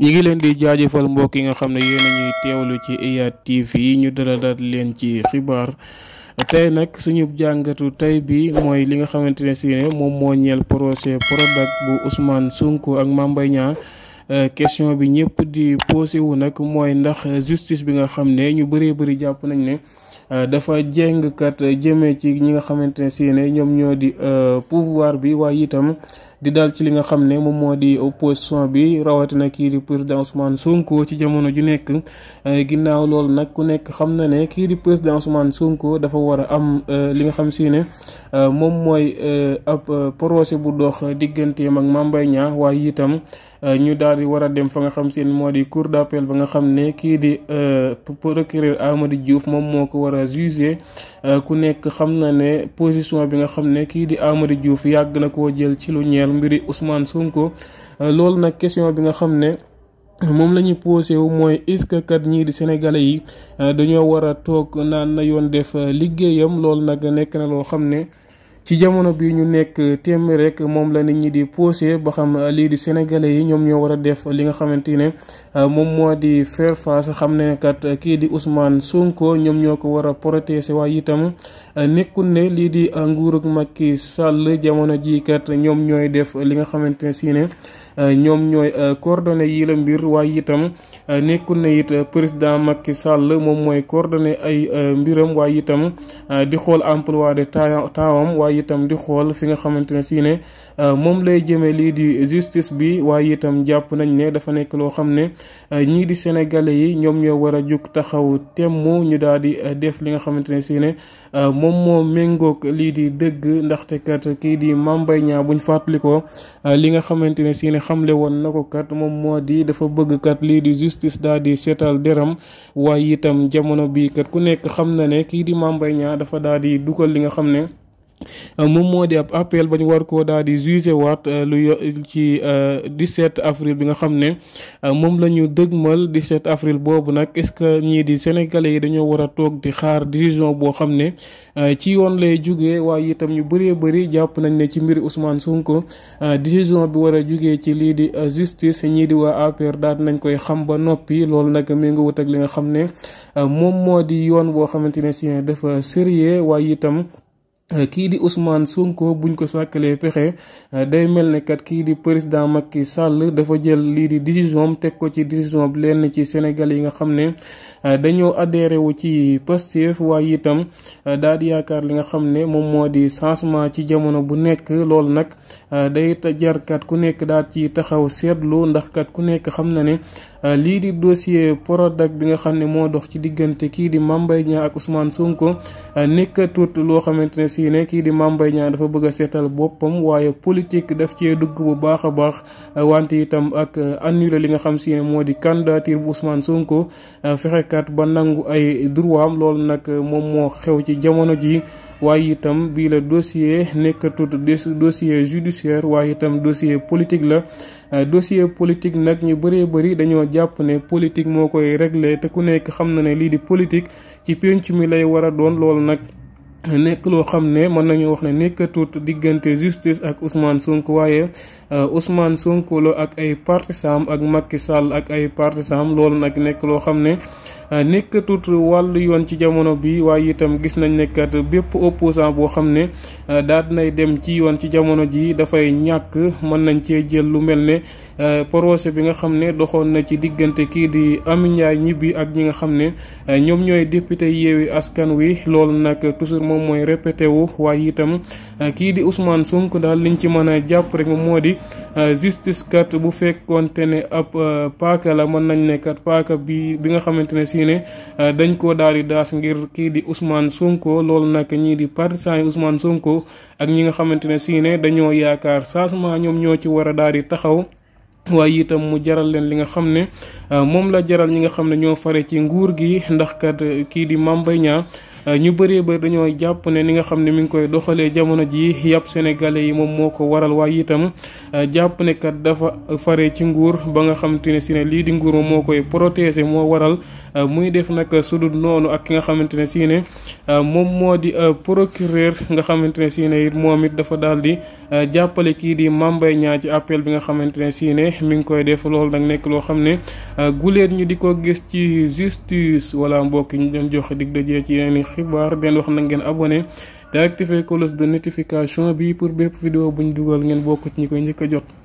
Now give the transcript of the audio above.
ñu ngi leen di jaajëfal mbokk yi nga xam ne yéen a ñuy teewlu ci IYAT TV ñu dalal daal leen ci xibaar tey nag suñu jàngatu tey bi mooy li nga xamante ne si moom moo ñeel procès Prodac bu Ousmane Sonko ak Mame Mbaye Niang euh, question bi ñëpp di posé wu nag mooy ndax justice bi nga xam ne ñu bëree bëri jàpp nañ ne euh, dafa jéngkat jëme ci ñi nga xamante ne si ñoom ñoo di euh, pouvoir bi waaye itam di dal ci li nga xam ne moom moo di opposition bi rawatina kii di président Ousmane Sonko ci jamono ju nekk eh, ginnaaw loolu nag ku nekk xam na ne kii di président Ousmane Sonko dafa war a am eh, li nga xam si ne eh, moom mooy ab projet bu dox digganteem ak Mame Mbaye Niang waaye itam ñu daal di war a dem fa nga xam si ne di cour d'appel ba nga xam ne kii di procureur Amady Diouf moom moo ko war a jugé ku nekk xam na ne position bi nga xam ne kii di Amady Diouf yàgg na koo jël ci lu ñeel. mbir mbiri Ousmane Sonko euh, loolu nag question bi nga xam ne moom la ñu posé wu mooy est-ce que kat ñii di sénégalais yi euh, dañoo war a toog naan na yoon def euh, liggéeyam loolu nag nekk na loo xam ne. ci jamono bi ñu nekk téem rek moom la nit ñi di posé ba xam euh, lii di sénégalais yi ñoom ñoo war a def li nga xamante ne euh, moom moo di faire xam ne kat euh, kii di Ousmane Sonko ñoom ñoo ko war a si waaye itam nekkul ne lii di nguurug Macky Sall jamono jii kat ñoom ñooy def li nga xamante ne si ne Euh, ñoom ñooy euh, coordonné yi la mbir waaye itam euh, nekkul ne it président Macky Sall moom mooy coordonné ay mbiram waaye itam di xool emploi de taawam waaye itam di xool fi nga xamante ne si ne moom lay jëmee lii di justice bi waaye itam jàpp nañ ne dafa nekk loo xam ne ñii di sénégalais yi ñoom ñoo war a jug taxaw temm ñu daal di def li nga xamante ne si ne moom moo méngoog lii di dëgg ndaxte kat kii di Mame Mbaye Niang buñ fàttalikoo li nga xamante ne xamle woon na ko kat moom moo di dafa bëgg kat lii di justice daal di seetal deram waaye itam jamono bii kat ku nekk xam na ne kii di Mame Mbaye Niang dafa daal di dugal li nga xam ne Euh, moom moo di ab appel ba ñu war koo daal di jugé waat euh, lu yo ci 17 euh, avril bi nga xam ne moom la ñu dëgmal 17 avril boobu nag est-ce que ñii di sénégalais yi dañoo war a toog di xaar décision boo xam ne ci yoon lay jóge waaye itam ñu bëree bëri jàpp nañ ne ci mbiri Ousmane Sonko décision bi war a jugee ci lii di justice ñii di waa APR daal nañ koy xam ba noppi loolu nag mi nga wut ak li nga xam ne moom moo di yoon boo xamante ne si dafa sérieux waaye itam Euh, kii di Ousmane sunko buñ ko sàkkalee pexe euh, day mel ne kat kii di président ki sàll dafa jël lii di décision teg ko ci décision bi lenn ci Sénégal yi nga xam ne euh, dañoo adhéré wu ci Pastef waaye itam daal di yaakaar li nga xam ne moom moo di changement ci jamono bu nekk loolu nag day jar kat ku nekk daal ci taxaw seetlu ndax kat ku nekk xam na ne. Euh, lii di dossier Prodac bi nga xam ne moo dox ci diggante kii di Mame Mbaye Niang ak Ousmane Sonko euh, nekkatut loo xamante ne si ne kii di Mame Mbaye dafa bëgg a seetal boppam waaye politique def cee dugg bu baax a baax euh, wante itam ak annulé li nga xam si moo di candidature bu Ousmane Sonko fexekat ba nangu ay droit am loolu nag moom moo xew ci jamono ji waaye itam bii la dossier nekkatut dossier judiciaire waaye itam dossier politique la euh, dossier politique nag ñu bëree bëri dañoo jàpp ne politique moo koy réglé te ku nekk xam na ne lii di politique ci penc mi lay war a doon loolu nag nekk loo xam ne mën nañu wax ne nekkatut diggante justice ak Ousmane Sonko waaye Euh, Ousmane Sonko la ak ay partisans ak Macky Sall ak ay partisans loolu nag nekk loo xam ne euh, nekkatut wàll yoon ci jamono bi waaye itam gis nañ nekkat bépp opposant boo xam ne euh, daal nay dem ci yoon ci jamono ji dafay ñàkk mën nañ cee jël lu mel ne procès bi nga xam ne doxoon na ci diggante kii di Amy ñibbi ak ñi nga xam ne ñoom ñooy député Yewwi Askan Wi loolu nag toujours moom mooy répété wu waaye itam kii di Ousmane sunk daal liñ ci mën a jàpp rek moo di Euh, justice kat bu fekkoonte ne ab euh, paaka la mën nañ ne kat paaka bi bi nga xamante ne si ne euh, dañ ko daal di daas ngir kii di Ousmane Sonko loolu nag ñii di partisan yi Ousmane ak ñi nga xamante ne si ne dañoo yaakaar changement ñoom ñoo ci war a daal di taxaw. waaye itam mu jaral leen li nga xam ne moom la jaral ñi nga xam ne ñoo fare ci nguur gi ndax kat kii di Mame Euh, ñu bëree bëri dañoo jàppale ni nga xam ne mi ngi koy doxalee jamono ji yàpp sénégalais yi moom moo ko waral waaye itam euh, jàpp dafa fare ci nguur ba nga xam ne si lii di nguur moo koy protéger moo waral euh, muy def nag sudul noonu ak ki nga xamante ne si ne moom moo di procureur nga xamante ne si ne it moom it dafa daal di jàppale kii di mambay ñaa ci appel bi nga xamante ne siine ne mi ngi koy def loolu nag nekk loo xam ne guleet ñi di ko gis ci justice wala mbokk ñu dem joxe dig dajee ci yeneen xibaar benn wax na ngeen abonné te de notification bi pour bépp vidéo buñ dugal ngeen bokk ñi koy njëkk a jot